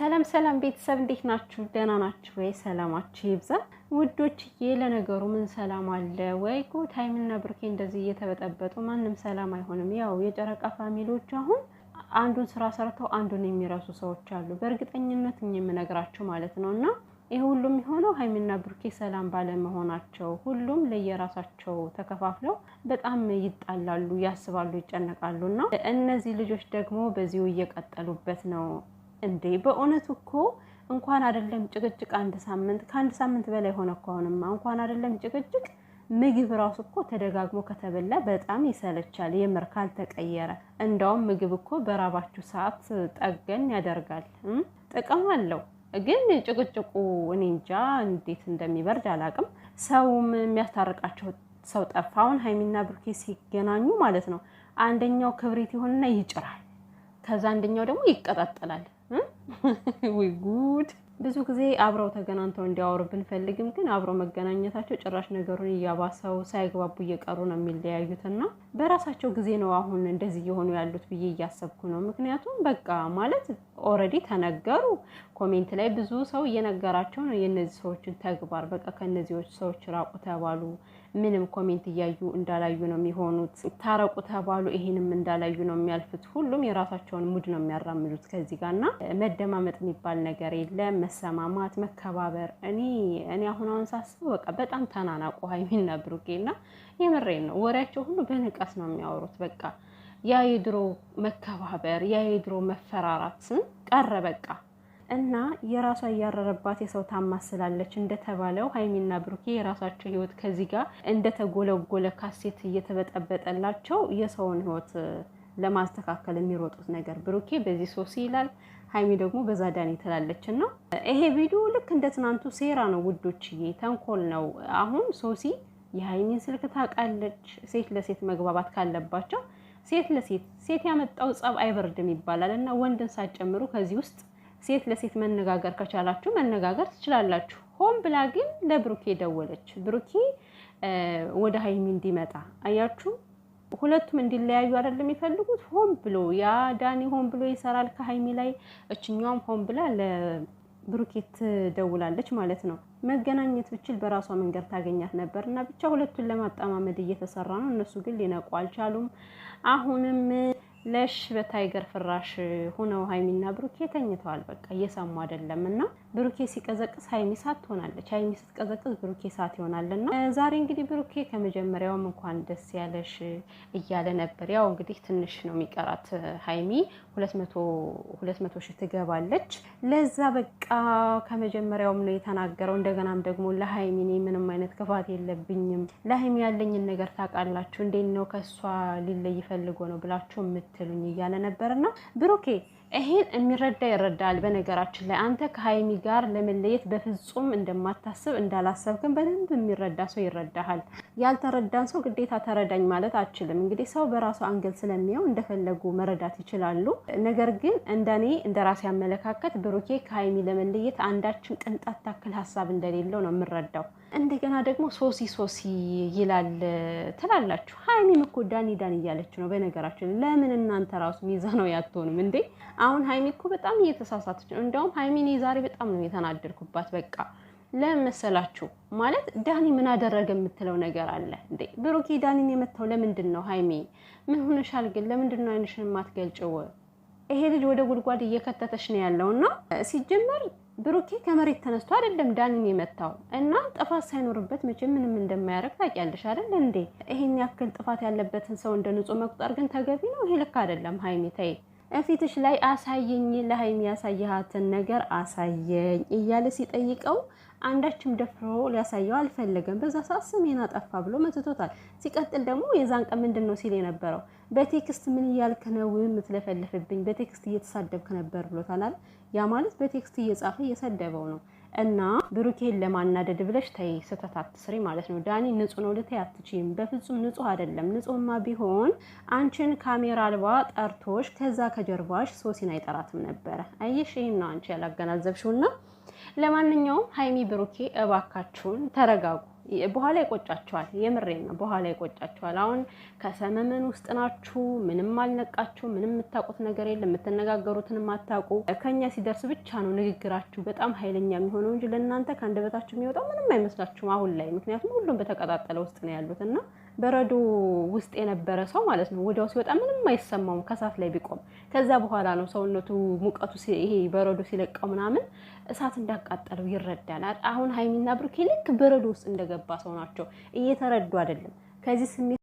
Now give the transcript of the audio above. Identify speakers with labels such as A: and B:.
A: ሰላም ሰላም ቤተሰብ እንዴት ናችሁ? ደህና ናችሁ ወይ? ሰላማችሁ ይብዛ ውዶችዬ። ለነገሩ ምን ሰላም አለ ወይ? ጉድ ሀይሚና ብሩኬ እንደዚህ እየተበጠበጡ ማንም ሰላም አይሆንም። ያው የጨረቃ ፋሚሊዎች አሁን አንዱን ስራ ሰርተው አንዱን የሚረሱ ሰዎች አሉ፣ በእርግጠኝነት እኛ የምነግራቸው ማለት ነው። እና ይህ ሁሉም የሆነው ሀይሚና ብሩኬ ሰላም ባለመሆናቸው ሁሉም ለየራሳቸው ተከፋፍለው በጣም ይጣላሉ፣ ያስባሉ፣ ይጨነቃሉ። እና እነዚህ ልጆች ደግሞ በዚሁ እየቀጠሉበት ነው እንዴ በእውነት እኮ እንኳን አይደለም ጭቅጭቅ፣ አንድ ሳምንት ከአንድ ሳምንት በላይ ሆነ እኮ አሁንማ። እንኳን አይደለም ጭቅጭቅ፣ ምግብ ራሱ እኮ ተደጋግሞ ከተበላ በጣም ይሰለቻል፣ የምር ካልተቀየረ። እንዳውም ምግብ እኮ በራባችሁ ሰዓት ጠገን ያደርጋል፣ ጥቅም አለው። ግን ጭቅጭቁ እኔ እንጃ እንዴት እንደሚበርድ አላቅም። ሰውም የሚያስታርቃቸው ሰው ጠፋውን ሀይሚና ብሩኬ ሲገናኙ ማለት ነው አንደኛው ክብሪት ይሆንና ይጭራል፣ ከዛ አንደኛው ደግሞ ይቀጣጠላል። we good ብዙ ጊዜ አብረው ተገናኝተው እንዲያወሩ ብንፈልግም ግን አብረው መገናኘታቸው ጭራሽ ነገሩን እያባሰው ሳይግባቡ እየቀሩ ነው የሚለያዩት ና በራሳቸው ጊዜ ነው አሁን እንደዚህ እየሆኑ ያሉት ብዬ እያሰብኩ ነው። ምክንያቱም በቃ ማለት ኦልሬዲ ተነገሩ። ኮሜንት ላይ ብዙ ሰው እየነገራቸው ነው የእነዚህ ሰዎችን ተግባር። በቃ ከእነዚህ ሰዎች ራቁ ተባሉ፣ ምንም ኮሜንት እያዩ እንዳላዩ ነው የሚሆኑት። ታረቁ ተባሉ፣ ይሄንም እንዳላዩ ነው የሚያልፉት። ሁሉም የራሳቸውን ሙድ ነው የሚያራምዱት ከዚህ ጋር እና መደማመጥ የሚባል ነገር የለም መሰማማት፣ መከባበር እኔ እኔ አሁን አሁን ሳስበው በቃ በጣም ተናናቁ ሀይሚና ብሩኬና የምሬን ነው። ወሬያቸው ሁሉ በንቀት ነው የሚያወሩት። በቃ ያ የድሮ መከባበር፣ ያ የድሮ መፈራራት ቀረ በቃ እና የራሷ እያረረባት የሰው ታማስ ስላለች እንደተባለው ሀይሚና ብሩኬ የራሳቸው ህይወት ከዚህ ጋር እንደተጎለጎለ ካሴት እየተበጠበጠላቸው የሰውን ህይወት ለማስተካከል የሚሮጡት ነገር ብሩኬ በዚህ ሶሲ ይላል ሀይሚ ደግሞ በዛ ዳኒ ትላለች ነው። ይሄ ቪዲዮ ልክ እንደ ትናንቱ ሴራ ነው ውዶችዬ፣ ተንኮል ነው። አሁን ሶሲ የሀይሚን ስልክ ታውቃለች። ሴት ለሴት መግባባት ካለባቸው ሴት ለሴት ሴት ያመጣው ጸብ አይበርድም ይባላል እና ወንድን ሳትጨምሩ ከዚህ ውስጥ ሴት ለሴት መነጋገር ከቻላችሁ መነጋገር ትችላላችሁ። ሆን ብላ ግን ለብሩኬ ደወለች፣ ብሩኬ ወደ ሀይሚ እንዲመጣ አያችሁ። ሁለቱም እንዲለያዩ አይደለም የሚፈልጉት። ሆን ብሎ ያ ዳኒ ሆን ብሎ ይሰራል ከሀይሚ ላይ፣ እችኛውም ሆን ብላ ለብሩኬት ትደውላለች ማለት ነው። መገናኘት ብችል በራሷ መንገድ ታገኛት ነበር እና ብቻ ሁለቱን ለማጠማመድ እየተሰራ ነው። እነሱ ግን ሊነቁ አልቻሉም። አሁንም ለሽ በታይገር ፍራሽ ሆነው ሀይሚና ብሩኬ ተኝተዋል። በቃ እየሰሙ አይደለም እና ብሩኬ ሲቀዘቅዝ ሀይሚ ሳት ትሆናለች፣ ሀይሚ ስትቀዘቅዝ ብሩኬ ሳት ይሆናል። እና ዛሬ እንግዲህ ብሩኬ ከመጀመሪያውም እንኳን ደስ ያለሽ እያለ ነበር። ያው እንግዲህ ትንሽ ነው የሚቀራት ሀይሚ ሁለት መቶ ሺህ ትገባለች። ለዛ በቃ ከመጀመሪያውም ነው የተናገረው። እንደገናም ደግሞ ለሀይሚ እኔ ምንም አይነት ክፋት የለብኝም፣ ለሀይሚ ያለኝን ነገር ታውቃላችሁ፣ እንዴት ነው ከእሷ ሊለይ ፈልጎ ነው ብላችሁ ምት አትሉኝ እያለ ነበር እና ብሩኬ ይሄን የሚረዳ ይረዳል። በነገራችን ላይ አንተ ከሀይሚ ጋር ለመለየት በፍጹም እንደማታስብ እንዳላሰብክን በደንብ የሚረዳ ሰው ይረዳሃል። ያልተረዳን ሰው ግዴታ ተረዳኝ ማለት አችልም። እንግዲህ ሰው በራሱ አንገል ስለሚያው እንደፈለጉ መረዳት ይችላሉ። ነገር ግን እንደኔ እንደ ራሴ አመለካከት ብሩኬ ከሀይሚ ለመለየት አንዳችን ቅንጣት ታክል ሀሳብ እንደሌለው ነው የምረዳው። እንደገና ደግሞ ሶሲ ሶሲ ይላል ትላላችሁ። ሀይሚም እኮ ዳኒ ዳኒ እያለች ነው። በነገራችን ለምን እናንተ ራሱ ሚዛ ነው አትሆኑም እንዴ? አሁን ሀይሚ እኮ በጣም እየተሳሳተች ነው። እንዲያውም ሀይሚን ዛሬ በጣም ነው የተናደድኩባት። በቃ ለምን መሰላችሁ? ማለት ዳኒ ምን አደረገ የምትለው ነገር አለ እንዴ? ብሩኬ ዳኒን የመታው ለምንድን ነው? ሀይሚ ምን ሆነሻል ግን? ለምንድን ነው አይንሽን የማትገልጭው? ይሄ ልጅ ወደ ጉድጓድ እየከተተች ነው ያለው ያለውና ሲጀመር ብሩኬ ከመሬት ተነስቶ አይደለም ዳኒን የመታው እና ጥፋት ሳይኖርበት መቼም ምንም እንደማያደርግ ታውቂያለሽ አይደል እንዴ? ይሄን ያክል ጥፋት ያለበትን ሰው እንደ ንጹህ መቁጠር ግን ተገቢ ነው? ይሄ ልክ አይደለም ሀይሚ ተይ። ፊትሽ ላይ አሳየኝ፣ ለሀይሚ ያሳየሃትን ነገር አሳየኝ እያለ ሲጠይቀው አንዳችም ደፍሮ ሊያሳየው አልፈለገም። በዛ ሰዓት ስሜን አጠፋ ብሎ መትቶታል። ሲቀጥል ደግሞ የዛን ቀን ምንድን ነው ሲል የነበረው በቴክስት ምን እያልክ ነው የምትለፈልፍብኝ? በቴክስት እየተሳደብክ ነበር ብሎታል። ያ ማለት በቴክስት እየጻፈ እየሰደበው ነው እና ብሩኬን ለማናደድ ብለሽ ተይ፣ ስህተት አትስሪ ማለት ነው። ዳኒ ንጹህ ነው ልትይ አትችይም። በፍጹም ንጹህ አይደለም። ንጹህማ ቢሆን አንቺን ካሜራ አልባ ጠርቶሽ ከዛ ከጀርባሽ ሶሲን አይጠራትም ነበረ። አየሽ፣ ይህን ነው አንቺ ያላገናዘብሽውና። ለማንኛውም ሀይሚ፣ ብሩኬ እባካችሁን ተረጋጉ። በኋላ ይቆጫቸዋል። የምሬ ነው። በኋላ ይቆጫቸዋል። አሁን ከሰመመን ውስጥ ናችሁ። ምንም አልነቃችሁ። ምንም የምታውቁት ነገር የለም። የምትነጋገሩትን ማታውቁ። ከኛ ሲደርስ ብቻ ነው ንግግራችሁ በጣም ኃይለኛ የሚሆነው እንጂ ለእናንተ ከአንደበታችሁ የሚወጣው ምንም አይመስላችሁም አሁን ላይ። ምክንያቱም ሁሉም በተቀጣጠለ ውስጥ ነው ያሉት እና በረዶ ውስጥ የነበረ ሰው ማለት ነው ወዲያው ሲወጣ ምንም አይሰማውም ከእሳት ላይ ቢቆም። ከዛ በኋላ ነው ሰውነቱ ሙቀቱ ይሄ በረዶ ሲለቀው ምናምን እሳት እንዳቃጠለው ይረዳናል። አሁን ሀይሚና ብሩኬ ልክ በረዶ ውስጥ እንደገባ ሰው ናቸው። እየተረዱ አይደለም ከዚህ ስሜት